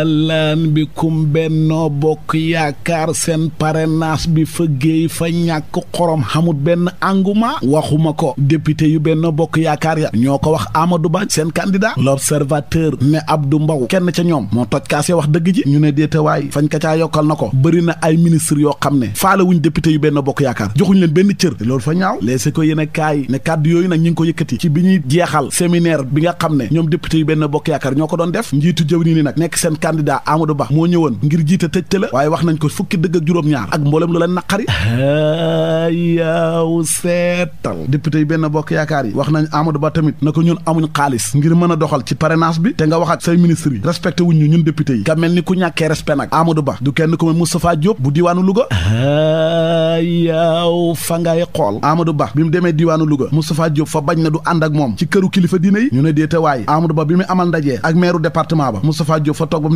ahlan bikum bennoo bokk yaakaar seen parrainage bi fa géey fa ñàkk xorom xamut benn engouement waxuma ko député yu bennoo bokk yaakaar ya ñoo ko wax Amadou Ba seen candidat l'observateur ne Abdou Mbow kenn ca ñoom moo toj kaase wax dëgg ji ñu ne déetawaay fañ ka caa yokkal na ko bëri na ay ministre yoo xam ne faale wuñ député yu bennoo bokk yaakaar joxuñ leen benn cër loolu fa ñaaw leesi ko yéen kaay ne kàddu yooyu nag ñi ngi ko yëkkati ci bi ñuy jeexal séminaire bi nga xam ne ñoom député benn bokk yaakaar ñoo ko doon def njiitu jëw nii candidat Amadou Ba moo ñëwoon ngir jiite tëjte la waaye wax nañ ko fukki dëgg ak juróom-ñaar ak mboolem lu leen naqari yaaw seetal député yi benn bokk yaakaar yi wax nañ Amadou Ba tamit na ko ñun amuñ xaalis ngir mën a doxal ci parrainage bi te nga wax ak say ministre yi respecté wuñ ñu ñun député yi ka mel ni ku ñàkkee respect nag Amadou Ba du kenn ku ma Moustapha Diop bu diiwaanu Louga yaaw fa ngay xool Amadou Ba bi mu demee diiwaanu Louga Moustapha Diop fa ak moom ci këru kilifa diine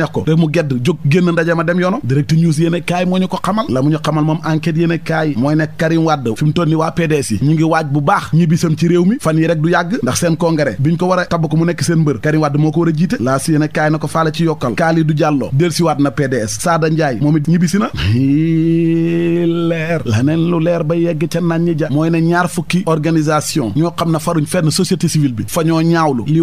neex ko te mu gedd jóg génn ndaje ma dem yoonam direct news yéene kaay moo ñu ko xamal la mu ñu xamal moom enquête yéene kaay mooy ne Karim Wade fi mu ni waa PDS yi ñu ngi waaj bu baax ñibbisam ci réew mi fan yi rek du yàgg ndax seen congrès bi ñu ko war a tabb ko mu nekk seen mbër Karim Wade moo ko war a jiite laa si yéene kaay na ko faale ci yokkal Kalidou Diallo delsiwaat na PDS Sada Ndiaye moom it ñibbisi na leer la neen lu leer ba yegg ca naan ñi ja mooy ne ñaar fukki organisation ñoo xam ne faruñ fenn société civile bi fa ñoo ñaawlu li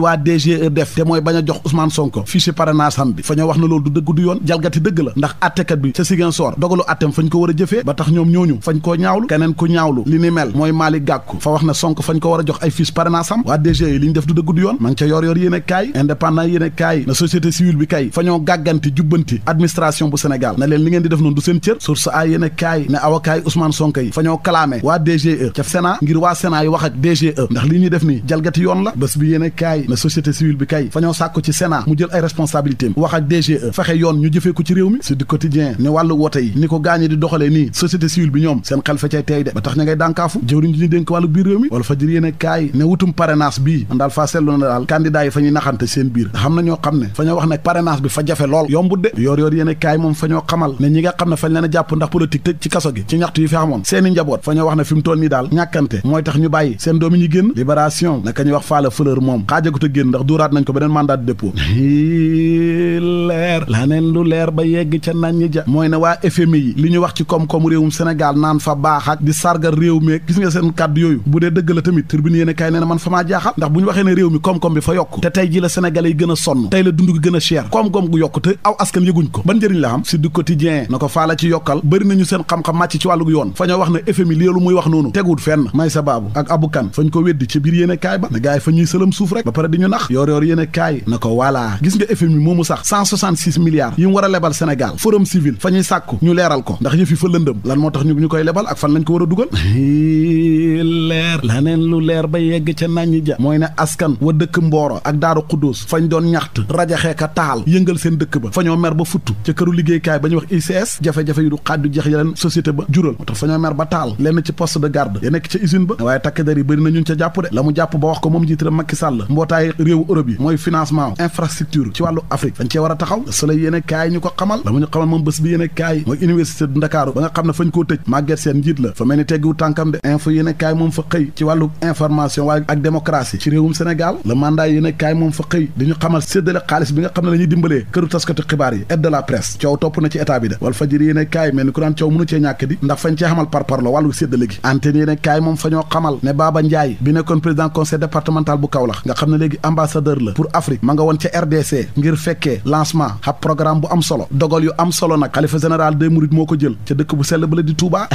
e a wax na lool du dëgg du yoon jalgati dëgg la ndax attekat bi ca Ziguinchor dogalu attem fañ ko war a jëfee ba tax ñoom ñooñu fañ koo ñaawlu keneen ku ñaawlu li ni mel mooy Malick Gakou fa wax na Sonko fañ ko war a jox ay fiche parrainage am waa DG yi li ñu def du dëgg du yoon ma ngi ca yor yor yéene kaay indépendant yéene kaay na société civile bi kay fa gàgganti jubbanti administration bu Sénégal na leen li ngeen di def noonu du seen cër source a yéene kaay ne avocat yi Ousmane li ñuy def ni jalgati yoon la bés bi yéene kaay na société civile bi kay fa ñoo DGE fexe yoon ñu jëfee ko ci réew mi si du quotidien ne wàllu wote yi ni ko gaañe di doxalee nii société civile bi ñoom seen xel fa teey de ba tax ña ngay dànkaafu jëwriñ ji ñu dénk wàllu biir réew mi wala fa jër yéen kaay ne wutum parrainage bii man daal faa seetlu na daal candidat yi fa ñuy naxante seen biir xam na ñoo xam ne fa ñoo wax ne parrainage bi fa jafe lool yombut de yoor yoor yéen kaay moom fa ñoo xamal ne ñi xam ne fañ leen jàpp leer laneen lu leer ba yegg ca nañ ja mooy ne waa FMI yi li ñu wax ci koom-koom réewum Sénégal naan fa baax di sargal réew mi gis nga seen kàddu yooyu bu dee dëgg la tamit tribune yéen a man fa maa jaaxal ndax bu ñu waxee ne réew mi koom-koom bi fa yokk te tey ji la Sénégalais yi gën a sonn tey la dund gi gën a cher koom-koom gu yokk te aw askan yëguñ ko ban njëriñ la am si du quotidien na ko faala ci yokkal bëri nañu seen xam-xam màcc a a 166 milliards yu war a lebal Sénégal forum civil fa ñuy sàkku ñu leeral ko ndax yëf yi fa lëndëm lan moo tax ñu ñu koy lebal ak fan lañ ko war a dugal leer laneen lu leer ba yegg ca naññi ja mooy ne askan wa dëkk Mboro ak Daaru Xuddoos fañ doon ñaxt rajaxee ka taal yëngal seen dëkk ba fa ñoo mer ba futt ca këru liggéeykaay ba ñuy wax ICS jafe-jafe yu du xaddu jeex ya leen société ba jural moo tax fa ñoo mer ba taal lenn ci poste de garde ya nekk ca usine jàpp de wax ko moom jiitara Macky Sall mbootaay réewu Europe yi mooy financement infrastructure ci wàllu Afrique fañ taxaw Soleil yéen a kaay ñu ko xamal la mu ñu xamal moom bés bi yéen a kaay mooy université du Ndakaaru ba nga xam ne fañ koo tëj Maguette Sène njiit la fa mel ni teggu tànkam de info yéen kaay moom fa xëy ci wàllu information waaye ak démocratie ci réewum Sénégal le mandat yéen kaay moom fa xëy di ñu xamal séddale xaalis bi nga xam ne la dimbalee këru taskatu xibaar yi aide la presse coow topp na ci état bi de wal fajir yéen a kaay mel ni ku daan coow mënu cee ñàkk financement ab programme bu am solo dogal yu am solo nag xalifa général des mourides moo ko jël ca dëkk bu sell ba la di Touba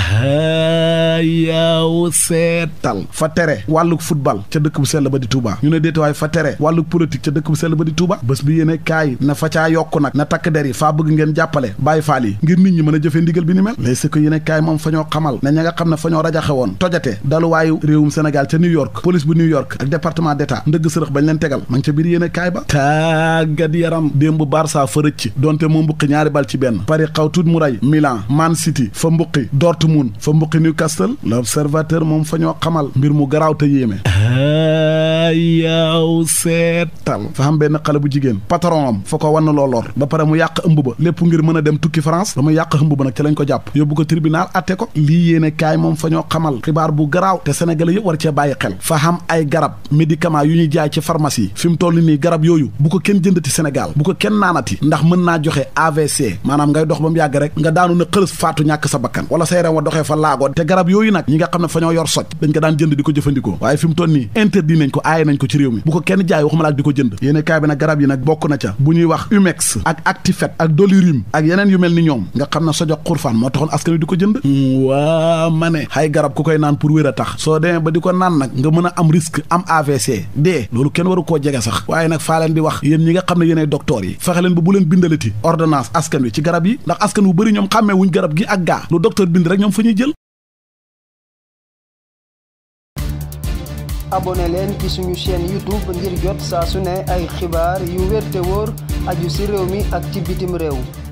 yaaw seetal fa tere wàllu football ca dëkk bu sell ba di Touba ñu ne déetewaay fa tere wàllu politique ca dëkk bu sell ba di Touba bés bi yéene kaay na fa caa yokk nag na takk der yi faa bëgg ngeen jàppale bàyyi faal yi ngir nit ñi mën a jëfee ndigal bi ni mel léeg si ko yéene kaay moom fa ñoo xamal na ña nga xam ne fa ñoo rajaxe woon tojate daluwaayu réewum Sénégal ca New York police bu New York ak département d'état ndëgg sërëx bañ leen tegal ma ngi ca biir yéene kaay ba tàggat yaram démb ba Barça fa rëcc donte moo mbuqi ñaari bal ci benn Paris xaw tuut mu ray Milan Man City fa mbuqi Dortmund fa mbuqi Newcastle l'Observateur moom fa xamal mbir mu garaaw te yéeme yaaw seetal xam benn xale bu jigéen patron am fa ko wann loo lor ba pare mu yàq ëmb ba lépp ngir mën a dem tukki France ba mu yàq ëmb ba nag ci lañ ko jàpp yóbbu ko tribunal atte ko lii yéene kaay moom fa ñoo xamal xibaar bu garaaw te sénégalais yëpp war cee bàyyi xel fa xam ay garab médicament yu ñuy jaay ci pharmacie fi mu toll nii garab yooyu bu ko kenn jëndati Sénégal bu ko kenn naan ndax mën naa joxe AVC maanaam ngay dox ba mu yàgg rek nga daanu na xërës faatu ñàkk sa bakkan wala say ren wa doxee fa laagoo te garab yooyu nag ñi nga xam ne fa ñoo yor soj dañ ko daan jënd di ko jëfandikoo waaye fi mu nii interdit ko aaye nañ ko ci réew mi bu ko kenn jaay waxuma laak di ko jënd yéene kaay bi garab yi nag bokk na ca bu ñuy wax Umex ak Actifed ak Dolirim ak yeneen yu mel ni ñoom nga xam ne sojo xurfaan moo taxoon askan wi hmm, a a leen ba bu leen bindalati ordonnance askan wi ci garab yi askan wu bëri ñoom xàmmee wuñ garab gi ak gaa lu docteur bind rek jël abonné leen ci suñu chaîne youtube ngir jot saa su ne ay xibaar yu wérte te wóor aju ci réew mi ak ci bitim réew